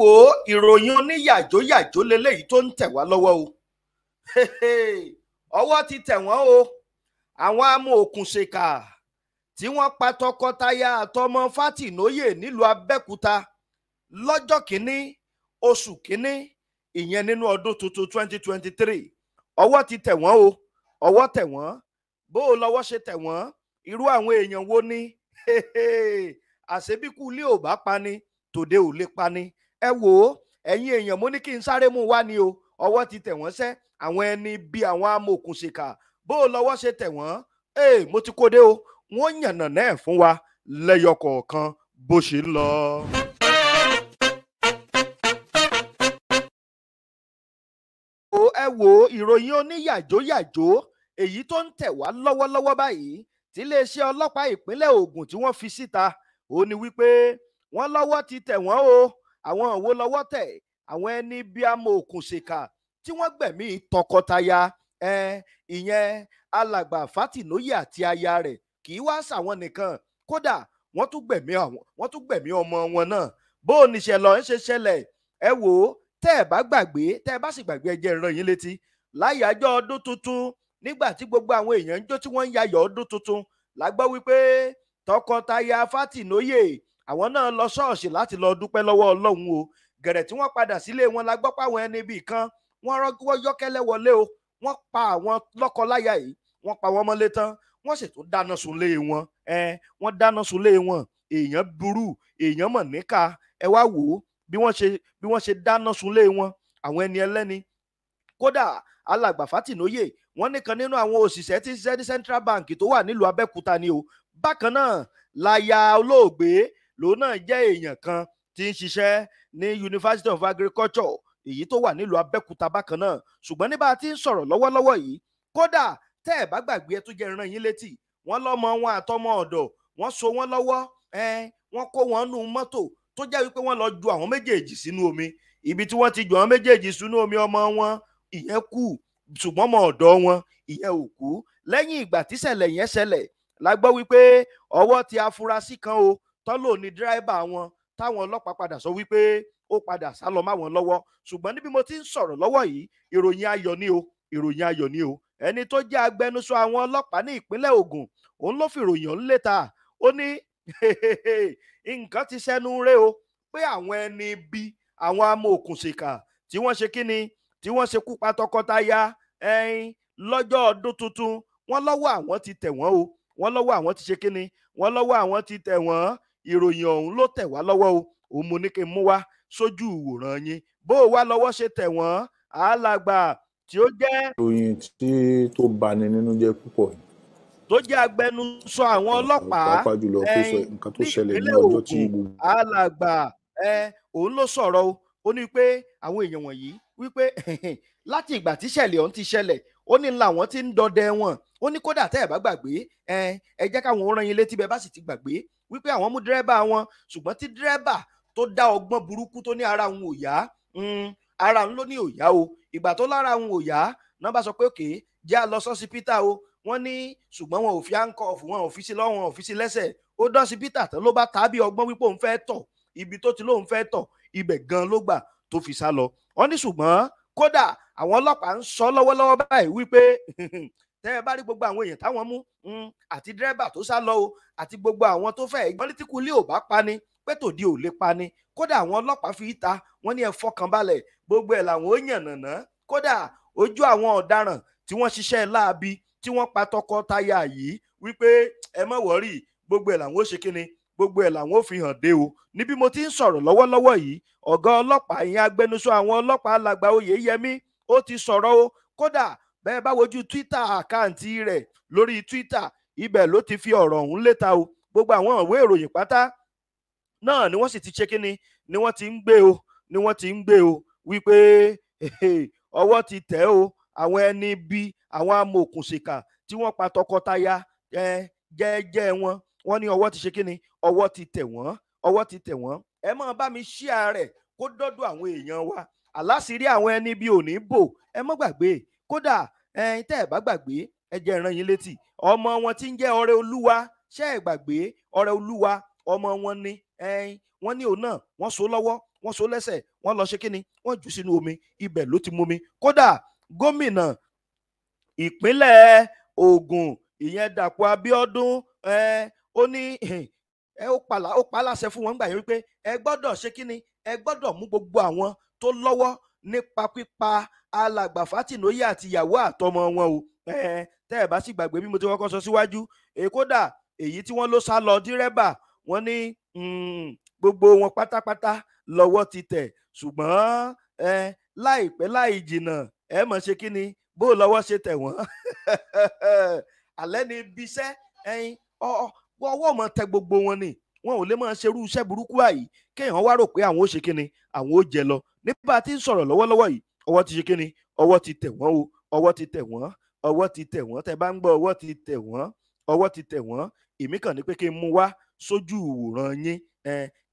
wò ó ìròyìn oníyàjóyàjó leléyìí tó ń tẹ̀ wá lọ́wọ́ o ọwọ́ ti tẹ̀ wọ́n o àwọn amòòkùnṣèkà tí wọ́n pa tọkọtaya àtọmọ Fátìnóyè nílùú Abẹ́òkúta lọ́jọ́ kìíní oṣù kìíní ìyẹn nínú ọdún tuntun 2023 ọwọ́ ti tẹ̀ wọ́n o ọwọ́ tẹ̀ wọ́n bó o lọ́wọ́ ṣe tẹ̀ wọ́n irú àwọn èèyàn wo ni àṣebíkú ilé ò bá pani tòde ò lè pani ẹ wò ó ẹ̀yin èèyàn mo ní kí n sáré mú wá ni o ọwọ́ ti tẹ̀ wọ́n sẹ́ àwọn ẹni bíi àwọn amòòkùnṣìkà bó o lọ́wọ́ ṣe tẹ̀ wọ́n ee mo ti kóde o wọ́n yànnà náà fún wa lẹ́yọ kọ̀ọ̀kan bó ṣe ń lọ. ẹ wo ìròyìn oníyàjóyàjó èyí tó ń tẹ̀ wá lọ́wọ́lọ́wọ́ báyìí tí iléeṣẹ́ ọlọ́pàá ìpínlẹ̀ Ògùn tí wọ́n fi síta ó ní wípé wọ́n lọ́wọ́ ti tẹ̀ wọ́n o àwọn òwò lọ́wọ́ tẹ̀ àwọn ẹni bí amọ̀ òkùn ṣèkà tí wọ́n gbẹ̀mí tọkọtaya ìyẹn alàgbà Fátìnóyè àti aya rẹ̀ kì í wá sàwọn nìkan kódà wọ́n tún gbẹ̀mí àwọn wọ́n tún gbẹ̀mí ọmọ wọn náà bó o níṣẹ́ lọ ń ṣe ṣẹlẹ̀ ẹ wò ó tẹ́ ẹ bá gbàgbé tẹ́ ẹ bá sì gbàgbé ẹjẹ́ ìran yín létí láyàájọ́ ọdún tuntun nígbà tí gbogbo àwọn èèyàn ń jó tí wọ́n ń yayọ̀ ọdún tuntun la wípé tọkọtaya Fátìnóyè àwọn náà lọ ṣọ́ọ̀ṣì láti lọ dúpẹ́ lọ́wọ́ ọlọ́run o gẹ̀rẹ̀ tí wọ́n padà sílé wọn la gbọ́ páwọn ẹni bíi kan wọ́n yọ́kẹ́lẹ́ wọlé o wọ́n pa àwọn lọ́kọ-láya yìí wọ́n pa wọ́n mọ́lé tán wọ́n sì tún dáná sunlé wọn wọ́n dáná sunlé wọn èèyàn burú èèyàn mọ̀ níkà ẹ wá wò ó bí wọ́n ṣe bí wọ́n ṣe dáná sunlé wọn àwọn ẹni ẹlẹ́ni kódà alàgbà Fátìnóyè wọ́n nìkan nínú àwọn òṣìṣẹ́ tí ṣiṣẹ́ ní Central Bank tó wà nílùú Abẹ́òkúta ni o bákan náà láya olóògbé lòun náà jẹ́ èèyàn kan tí ń ṣiṣẹ́ ní University of Agriculture èyí tó wà nílùú Abẹ́òkúta bákan náà ṣùgbọ́n níbà tí ń sọ̀rọ̀ lọ́wọ́lọ́wọ́ yìí kódà tẹ́ ẹ̀ bá gbàgbé ẹ tó jẹ́ ìran yín létí wọ́n lọ́mọ wọn àtọmọ ọ̀dọ̀ wọ́n so wọ́n lọ́wọ́ wọ́n kó wọn nú mọ́tò tó jẹ́ wípé wọ́n lọ ju àwọn méjèèjì sínú omi ibi tí wọ́n ti ju àwọn méjèèjì sínú omi ọmọ wọn ìyẹn kù ṣùgbọ́n ọmọ ọ̀dọ̀ wọn ìyẹn ò kú lẹ́yìn ìgbà tíṣẹ̀lẹ̀ yẹn ṣẹlẹ̀ la gbọ́ wípé ọwọ́ ti afurasí kan o tọ́lò ni dírẹ́bà wọn táwọn ọlọ́pàá padà sọ wípé ó padà sá lọ máwọn lọ́wọ́ ṣùgbọ́n níbi mo ti ń sọ̀rọ̀ lọ́wọ́ yìí ìròyìn ayọ̀ ni o ìròyìn ayọ̀ ni o ẹni tó jẹ́ agbẹnusọ àwọn ọlọ́pàá ní ìpínlẹ̀ Ògùn òun ló fi ìròyìn ọ̀hún léta ó ní nǹkan ti sẹ́nu rẹ̀ o pé àwọn ẹni bí àwọn amòòkùnṣìkà tí wọ́n ṣe kíni tí wọ́n ṣekú pa tọkọtaya ẹyin lọ́jọ́ ọdún tuntun wọ́n lọ́wọ́ àwọn ti tẹ̀ wọ́n o wọ́n lọ́wọ́ àwọn ti ṣe kíni wọ́n lọ́wọ́ àwọn ti tẹ̀ wọ́n ìròyìn ọ̀hún ló tẹ̀ wá lọ́wọ́ o òun mo ní kí n mú wá sójú ìwòran yín bó o wá lọ́wọ́ ṣe tẹ̀ wọ́n alàgbà tí ó jẹ́. ìròyìn tí tó bani nínú jẹ́ púpọ̀ ni tó jẹ́ agbẹnusọ àwọn ọlọ́pàá ní ìpínlẹ̀ Ògùn alàgbà òun ló sọ̀rọ̀ o ó ní pé àwọn èèyàn wọ̀nyí wípé láti ìgbà tíṣẹ̀lẹ̀ ọ̀hún ti ṣẹlẹ̀ ó ní làwọn ti ń dọdẹ wọn ó ní kódà tẹ́ ẹ̀ bá gbàgbé ẹ ẹ jẹ́ káwọn ó rán yín létí bẹ́ẹ̀ bá sì ti gbàgbé wípé àwọn mú dírẹ́bà wọn ṣùgbọ́n tí dírẹ́bà tó dá ọgbọ́n burúkú tó ní ara òun ò yá ara òun ló ní ò yá o ìgbà tó lára òun ò yá náà bá sọ pé òkè jẹ́ à lọ sọ́sibítà o wọ́n ní ṣùgbọ́n wọn ò fi áńkọ́ ọ̀fù wọn ò fi sí lọ́wọ́ wọn ò fi sí lẹ́sẹ̀ ó dọ́sibítà tán ló bá tàbí ọgbọ́n wípé òun fẹ́ tọ̀ ibi tó ti lóun fẹ́ tọ̀ ibẹ̀ gan ló gbà tó fi sá lọ wọ́n ní ṣùgbọ́n kódà àwọn ọlọ́pàá ń sọ lọ́wọ́lọ́wọ́ báyìí wípé tẹ́ ẹ bá rí gbogbo àwọn èèyàn táwọn mú hmm, àti dírẹ́bà tó sá lọ o àti gbogbo àwọn tó fẹ́ pọ́lítíkù ilé ò bá pani pé tòde ò lè pani kódà àwọn ọlọ́pàá fi ta wọ́n ní ẹ fọkàn balẹ̀ gbogbo ẹ̀ làwọn ó yàn nàná kódà ojú àwọn ọ̀daràn tí wọ́n ṣiṣẹ́ láabi tí wọ́n pa tọkọtaya yìí wípé ẹ má wọ́rì gbogbo ẹ̀ làwọn ó ṣe kíni gbogbo ẹ̀ làwọn ò fi hàn dé o níbi mo ti ń sọ̀rọ̀ lọ́wọ́lọ́wọ́ yìí ọ̀gá ọlọ́pàá ìyẹn agbẹnusọ àwọn ọlọ́pàá alàgbà oyè yẹmí ó ti sọ̀rọ̀ o kódà bẹ́ẹ̀ bá wojú twitter àkáǹtì rẹ̀ lórí twitter ibẹ̀ ló ti fi ọ̀rọ̀ ọ̀hún léta o gbogbo àwọn ìwé ìròyìn pátá náà ni wọ́n sì ti ṣe kínni ni wọ́n ti ń gbé o ni wọ́n ti ń gbé o wípé ọwọ́ ti tẹ̀ o àwọn ẹni bí àwọn amòòkùnṣìkà tí wọ́n pa tọkọtaya jẹ́ẹ́jẹ́ wọn wọ́n ní ọwọ́ ti ṣe kínni ọwọ́ ti tẹ̀ wọ́n ọwọ́ ti tẹ̀ wọ́n ẹ máa bá mi ṣíà rẹ̀ kó dọ́dọ̀ àwọn èèyàn wa àláṣírí àwọn ẹni bí òní bò ẹ má gbàgbé kódà ẹyin tẹ́ ẹ̀ bá gbàgbé ẹ jẹ́ ìran yín létí ọmọ wọn tí ń jẹ́ ọrẹ olúwa ṣẹ́ ẹ̀ gbàgbé ọrẹ olúwa ọmọ wọn ni ẹyin wọn ní òun náà wọ́n so lọ́wọ́ wọ́n so lẹ́sẹ̀ wọ́n lọ ṣe kí ni wọ́n jù sínú omi ibẹ̀ ló ti mú kódà gómìnà ìpínlẹ̀ Ògùn ìyẹn Dàpọ̀ Abíọ́dún ó ní ẹ ó pàlà ó fún wọn gbà yẹn wípé ẹ gbọ́dọ̀ ṣe kí ni ẹ gbọ́dọ̀ mú gbogbo àwọn tó lọ́wọ́ nípa pípa alàgbà Fátìnóyè àti ìyàwó àtọmọ wọn o tẹ́ ẹ̀ bá sì gbàgbé bí mo ti kọ́kọ́ sọ síwájú kódà èyí tí wọ́n ló sá lọ dírẹ́bà wọ́n ní hmm, gbogbo wọn pátápátá lọ́wọ́ ti tẹ̀ ṣùgbọ́n láìpẹ́ láì jìnnà ẹ mọ̀ ṣe kí ni bó lọ́wọ́ ṣe tẹ̀ wọ́n alẹ́ ni ibiṣẹ́ ẹyin ọwọ́ mọ̀ tẹ gbogbo wọn ni wọn ò lè máa ṣerú iṣẹ́ burúkú àyí kéèyàn wá rò pé àwọn ó ṣe kíni àwọn ó jẹ lọ nípa tí ń sọ̀rọ̀ lọ́wọ́lọ́wọ́ yìí ọwọ́ ti ṣe kíni ọwọ́ ti tẹ̀ wọ́n o ọwọ́ ti tẹ̀ wọ́n ọwọ́ ti tẹ̀ wọ́n tẹ bá ń gbọ́ ọwọ́ ti tẹ̀ wọ́n ọwọ́ ti tẹ̀ wọ́n èmi kàn ní pé kí n mú wá sójú ìwòran yín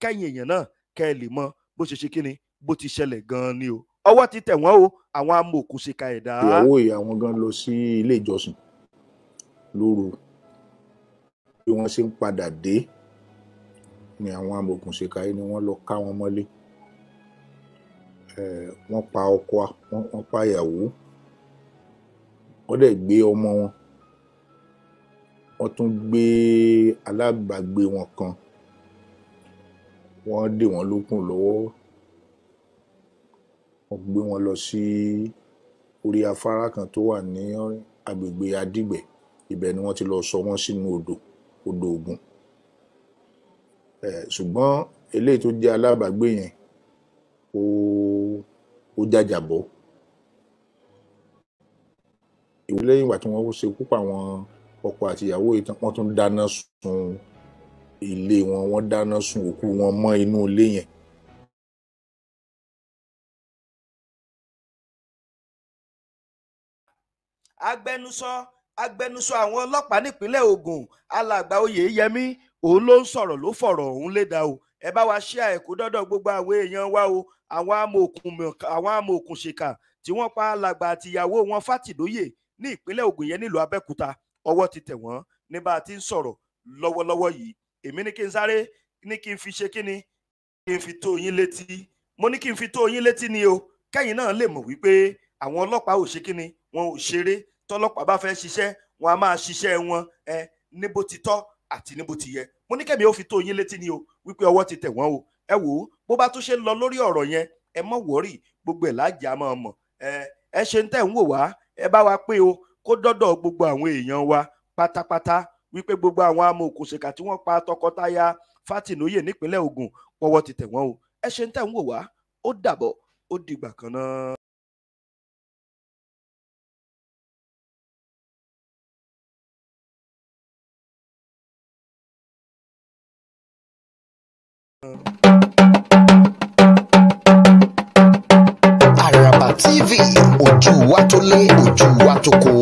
kẹ́yìn èèyàn náà kẹ́ ẹ lè mọ bó ṣe ṣe kíni bó ti ṣẹlẹ̀ gan-an ni o ọwọ́ ti tẹ̀ wọ́n o àwọn amòòkùnṣìkà ẹ̀dá. ìyàwó ìyàwó gan lọ sí ilé ìjọsìn lóru bí wọ́n ṣe ń padà dé ni àwọn amòòkùnṣèkà yìí ni wọ́n lọ ká wọn mọ́lé eh, wọ́n pa ọkọ wọ́n pa ìyàwó wọ́n dẹ̀ gbé ọmọ wọn wọ́n tún gbé alábàágbé wọn kan wọ́n dè wọ́n lókùn lọ́wọ́ wọ́n gbé wọn lọ sí orí afárá kan tó wà ní agbègbè Adigbe ibẹ̀ ni wọ́n ti lọ sọ wọ́n sínú odò odò Ògùn ṣùgbọ́n eléyìí tó jẹ́ alábàágbé yẹn ó ó jàjàbọ́ ìwé lẹ́yìn ìgbà tí wọ́n ṣe púpọ̀ àwọn ọkọ àti ìyàwó yìí wọ́n tún dáná sun ilé wọn wọ́n dáná sun òkú wọn mọ́ inú ilé yẹn. agbẹnusọ agbẹnusọ àwọn ọlọ́pàá nípínlẹ̀ Ògùn alàgbà Oyèyẹmí òun ló ń sọ̀rọ̀ ló fọ̀rọ̀ òun léda o ẹ bá wa ṣí àìkú dọ́dọ̀ gbogbo àwọn èèyàn wa o àwọn amòòkùn ṣèkà tí wọ́n pa alàgbà àtìyàwó wọn fàtìdóyè ní ìpínlẹ̀ Ògùn yẹn nílùú Abẹ́òkúta ọwọ́ ti tẹ̀ wọ́n ní bá a ti ń sọ̀rọ̀ lọ́wọ́lọ́wọ́ yìí èmi ní kí n sáré ní kí n fi ṣe kí ni kí n fi tó yín létí mo ní kí n fi tó yín létí ni o kẹ́yìn náà lè mọ̀ wípé àwọn ọlọ́pàá ò ṣe kí ni wọn ò ṣeré tọ́lọ́pàá bá fẹ́ ṣiṣẹ́ wọn a máa ṣiṣẹ́ wọn ẹ níbo ti tọ́ àti ní bó ti yẹ mo ní kẹ́mi ó fi tó yín létí ni o wípé ọwọ́ ti tẹ̀ wọ́n o ẹ wò ó bó bá tún ṣe ń lọ lórí ọ̀rọ̀ yẹn ẹ mọ̀ wọ́rì gbogbo ẹ̀ láàjà máa mọ̀ ẹ ẹ ṣe ń tẹ̀ ń wò wá ẹ bá wa pé o kó dọ́dọ̀ gbogbo àwọn èèyàn wa pátápátá wípé gbogbo àwọn amòòkùnṣèkà tí wọ́n pa tọkọtaya Fátìnóyè nípínlẹ̀ Ògùn pọ́wọ́ ti tẹ̀ wọ́n o ẹ ṣe ń tẹ̀ ń wò wá ó dàbọ̀ ó dìgbà kan náà. Àràbà TV ojú wa tó lé ojú wa tó kó.